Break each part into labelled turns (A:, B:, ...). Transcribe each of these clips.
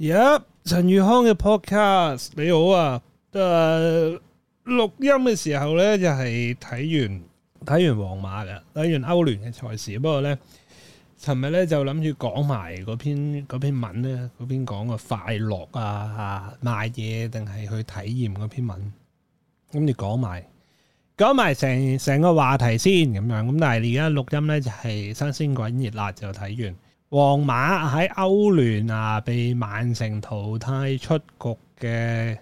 A: Yep 陳宇康嘅 podcast，你好啊！誒、呃，錄音嘅時候咧，就係、是、睇完睇完皇馬嘅，睇完歐聯嘅賽事。不過咧，尋日咧就諗住講埋嗰篇嗰篇文咧，嗰篇講個快樂啊啊，買嘢定係去體驗嗰篇文。咁你講埋講埋成成個話題先咁樣，咁但係你而家錄音咧就係、是、新鮮滾熱辣就睇完。皇馬喺歐聯啊，被曼城淘汰出局嘅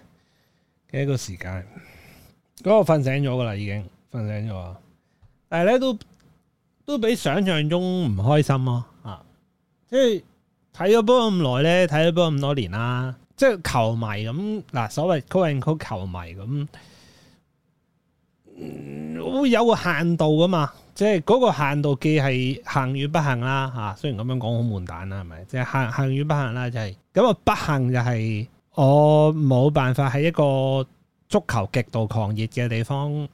A: 嘅一個時間，嗰個瞓醒咗噶啦，已經瞓醒咗。但係咧都都比想象中唔開心咯啊，啊，啊，啊！即係睇咗波咁耐咧，睇咗波咁多年啦，即係球迷咁嗱，所謂高人高球迷咁。會有個限度噶嘛，即係嗰個限度既係幸與不幸啦嚇、啊。雖然咁樣講好悶蛋啦，係咪？即係幸幸與不幸啦，就係咁啊！我不幸就係我冇辦法喺一個足球極度狂熱嘅地方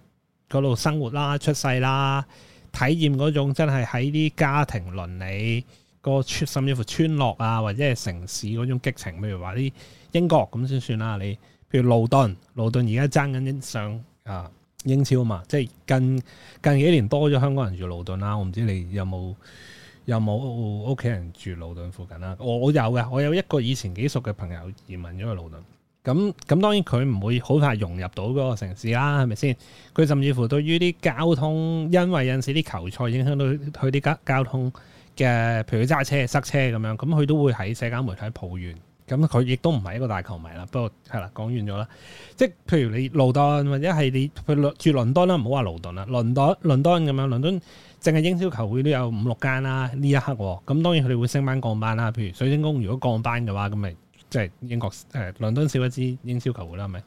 A: 嗰度生活啦、出世啦、體驗嗰種真係喺啲家庭倫理個村，甚至乎村落啊，或者係城市嗰種激情。如說譬如話啲英國咁先算啦，你譬如盧頓，盧頓而家爭緊上啊！英超嘛，即係近近幾年多咗香港人住盧頓啦。我唔知你有冇有冇屋企人住盧頓附近啦。我有嘅，我有一個以前幾熟嘅朋友移民咗去盧頓。咁咁當然佢唔會好快融入到嗰個城市啦，係咪先？佢甚至乎對於啲交通，因為有陣時啲球賽影響到佢啲交交通嘅，譬如佢揸車塞車咁樣，咁佢都會喺社交媒體抱怨。咁佢亦都唔係一個大球迷啦，不過係啦，講完咗啦。即係譬如你盧頓或者係你去住倫敦啦，唔好話盧頓啦，倫敦倫敦咁樣，倫敦淨係英超球會都有五六間啦、啊。呢一刻咁、啊、當然佢哋會升班降班啦、啊。譬如水晶宮如果降班嘅話，咁咪即係英國誒倫敦少一支英超球會啦、啊，係咪？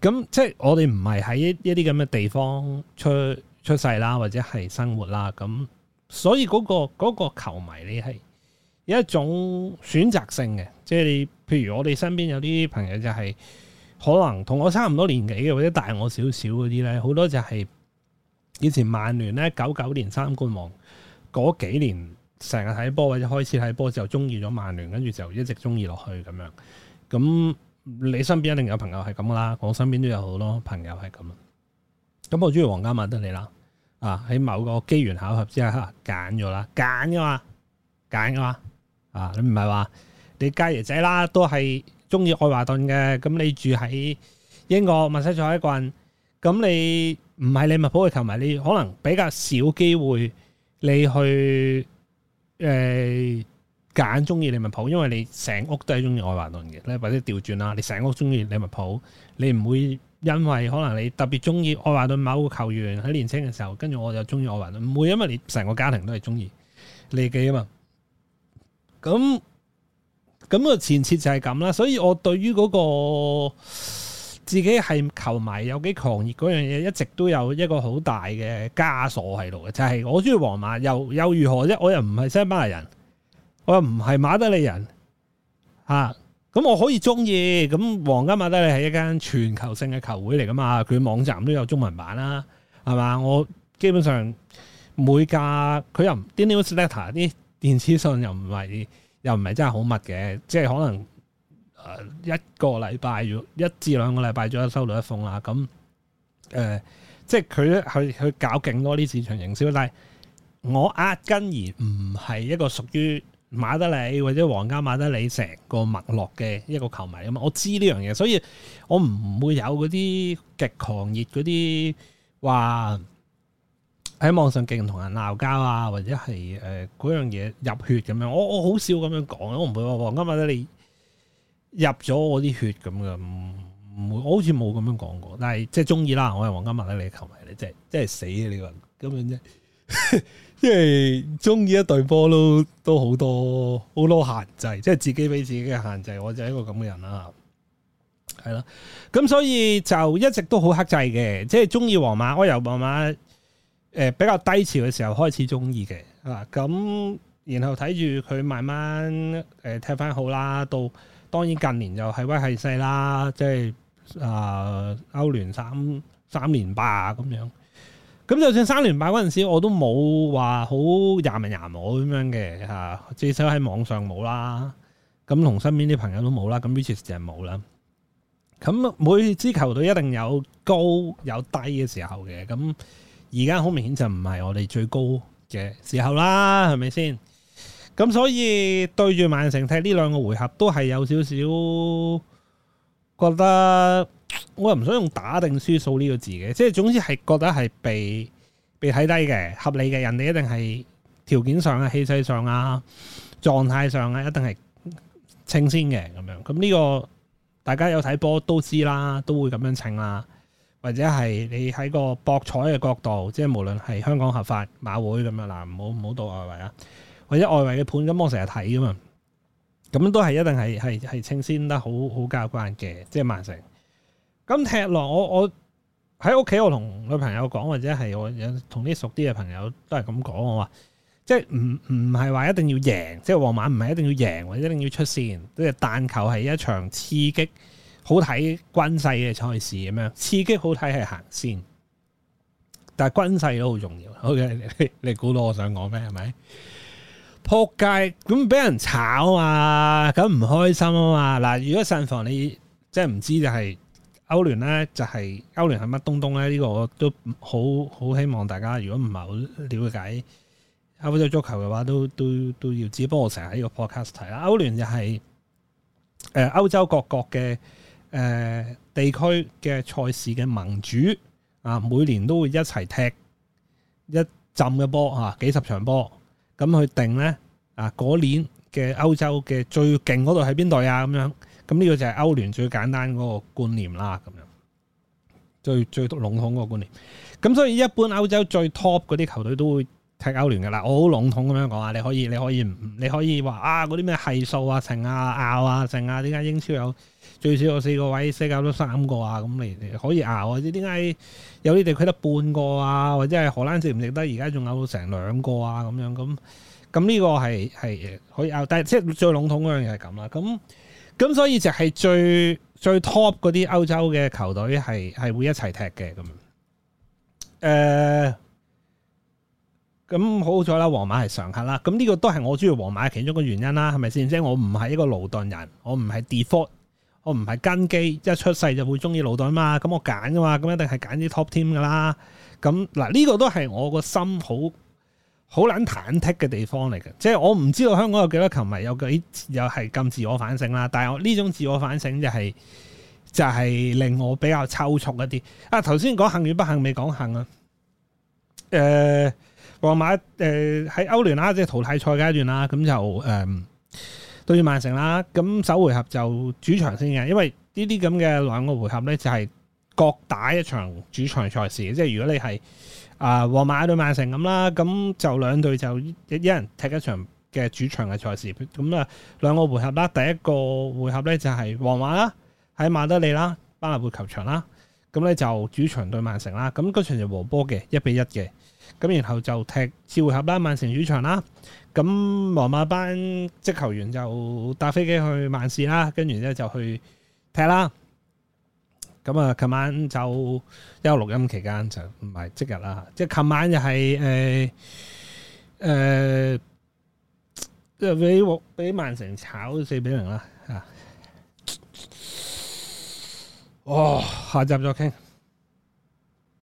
A: 咁即係我哋唔係喺一啲咁嘅地方出出世啦，或者係生活啦，咁所以嗰、個嗰、個球迷你係。一種選擇性嘅，即係你譬如我哋身邊有啲朋友就係可能同我差唔多年紀嘅，或者大我少少嗰啲咧，好多就係以前曼聯咧九九年三冠王嗰幾年成日睇波或者開始睇波嘅時候中意咗曼聯，跟住就一直中意落去咁樣。咁你身邊一定有朋友係咁啦，我身邊都有好多朋友係咁。咁我中意皇家馬德里啦，啊喺某個機緣巧合之下揀咗啦，揀嘅嘛，揀嘅嘛。啊！你唔係話你家爺仔啦，都係中意愛華頓嘅。咁你住喺英國，墨西塞郡，咁你唔係利物浦嘅球迷，你可能比較少機會，你去誒揀中意利物浦，因為你成屋都係中意愛華頓嘅，咧或者調轉啦，你成屋中意利物浦，你唔會因為可能你特別中意愛華頓某個球員喺年輕嘅時候，跟住我就中意愛華頓，唔會，因為你成個家庭都係中意利記啊嘛。咁咁，那個前設就係咁啦，所以我對於嗰，那個自己係球迷有幾狂熱嗰樣嘢，一直都有一個好大嘅枷鎖喺度嘅，就係，是，我中意皇馬，又又如何啫？我又唔係西班牙人，我又唔係馬德里人嚇，咁，啊，我可以中意。咁皇家馬德里係一間全球性嘅球會嚟噶嘛？佢網站都有中文版啦，啊，係嘛？我基本上每架佢又唔 newsletter 啲。電子信又唔係又唔係真係好密嘅，即係可能誒一個禮拜要一至兩個禮拜先收到一封啦。咁誒、呃，即係佢咧去去搞勁多啲市場營銷，但係我壓根而唔係一個屬於馬德里或者皇家馬德里成個脈絡嘅一個球迷啊嘛。我知呢樣嘢，所以我唔會有嗰啲極狂熱嗰啲話。喺網上勁同人鬧交啊，或者係誒嗰樣嘢入血咁樣，我我好少咁樣講，我唔會話皇家馬德里入咗我啲血咁噶，唔唔會，我好似冇咁樣講過。但係即係中意啦，我係皇家馬德里嘅球迷，你即係即係死啊！你、個人咁樣啫，即係中意一隊波都都好多好多限制，即係自己俾自己嘅限制。我就係一個咁嘅人、啊、啦，係咯。咁所以就一直都好克制嘅，即係中意皇馬，我由皇馬，誒，比較低潮嘅時候開始中意嘅，啊，咁然後睇住佢慢慢誒踢翻好啦，到當然近年就係威係勢啦，即係啊歐聯三三連霸咁樣。咁就算三連霸嗰陣時候，我都冇話好廿文廿五咁樣嘅吓，啊，至少喺網上冇啦。咁同身邊啲朋友都冇啦，咁 Vici 就冇啦。咁每支球隊一定有高有低嘅時候嘅，咁。而家好明顯就唔係我哋最高嘅時候啦，係咪先？咁所以對住曼城踢呢兩個回合都係有少少覺得，我又唔想用打定輸數呢個字嘅，即係總之係覺得係被被睇低嘅，合理嘅，人哋一定係條件上啊、氣勢上啊、狀態上啊，一定係稱先嘅咁樣。咁呢個大家有睇波都知啦，都會咁樣稱啦。或者係你喺個博彩嘅角度，即係無論係香港合法馬會咁樣，嗱，唔好唔好到外圍啊，或者外圍嘅盤咁，我成日睇㗎嘛，咁都係一定係係係清鮮得好好交關嘅，即係曼城。咁踢落我我喺屋企，我同我，我女朋友講，或者係我有同啲熟啲嘅朋友都係咁講，我話即係唔唔係話一定要贏，即係皇馬唔係一定要贏，或者一定要出線，即係但求係一場刺激。好睇軍勢嘅賽事咁樣刺激，好睇係行先，但係軍勢都好重要。O、OK? K，你估到我想講咩？係咪撲街咁俾人炒啊？咁唔開心啊嘛！嗱，如果信防你即係唔知就係歐聯咧、就是，就係歐聯係乜東東咧？呢、這個我都好好希望大家，如果唔係好了解歐洲足球嘅話，都都都要知。不過我成日喺個 podcast 睇啦，歐聯就係、是、誒、呃、歐洲各國嘅。誒地區嘅賽事嘅盟主啊，每年都會一齊踢一浸嘅波啊，幾十場波，咁去定呢？啊，嗰年嘅歐洲嘅最勁嗰度喺邊隊啊？咁樣，咁呢個就係歐聯最簡單嗰個觀念啦，咁樣最最籠統嗰個觀念。咁所以一般歐洲最 top 嗰啲球隊都會踢歐聯嘅啦，我好籠統咁樣講啊，你可以你可以唔你可以話啊嗰啲咩係數啊、成啊、拗啊、成啊，點解英超有最少有四個位，西甲都三個啊，咁你可以拗，或者點解有啲地區得半個啊，或者係荷蘭值唔值得？而家仲拗成兩個啊，咁樣咁咁呢個係係可以拗，但係即係最籠統嗰樣嘢係咁啦。咁咁所以就係最最 top 嗰啲歐洲嘅球隊係係會一齊踢嘅咁。誒。呃咁好彩啦，皇馬係常客啦，咁呢個都係我中意皇馬其中一個原因啦，係咪先？即係我唔係一個勞頓人，我唔係 default，我唔係根基，一出世就會中意勞頓嘛，咁我揀噶嘛，咁一定係揀啲 top team 噶啦。咁嗱，呢個都係我個心好好難彈剔嘅地方嚟嘅，即係我唔知道香港有幾多球迷有幾有係咁自我反省啦。但係我呢種自我反省就係就係令我比較抽搐一啲。啊，頭先講幸與不幸未講幸啊，誒。皇馬誒喺歐聯啦，即係淘汰賽階段啦，咁就誒、嗯、對住曼城啦，咁首回合就主場先嘅，因為呢啲咁嘅兩個回合呢，就係各打一場主場賽事，即係如果你係啊皇馬對曼城咁啦，咁就兩隊就一,一人踢一場嘅主場嘅賽事，咁啊兩個回合啦，第一個回合呢，就係皇馬啦喺馬德里啦巴納貝球場啦。咁咧就主場對曼城啦，咁嗰場就和波嘅一比一嘅，咁然後就踢次回合啦，曼城主場啦，咁皇馬班職球員就搭飛機去曼市啦，跟住咧就去踢啦。咁啊，琴晚就有錄音期間就唔係即日啦，即係琴晚就係誒誒，即係俾俾曼城炒四比零啦。哦，下集再傾。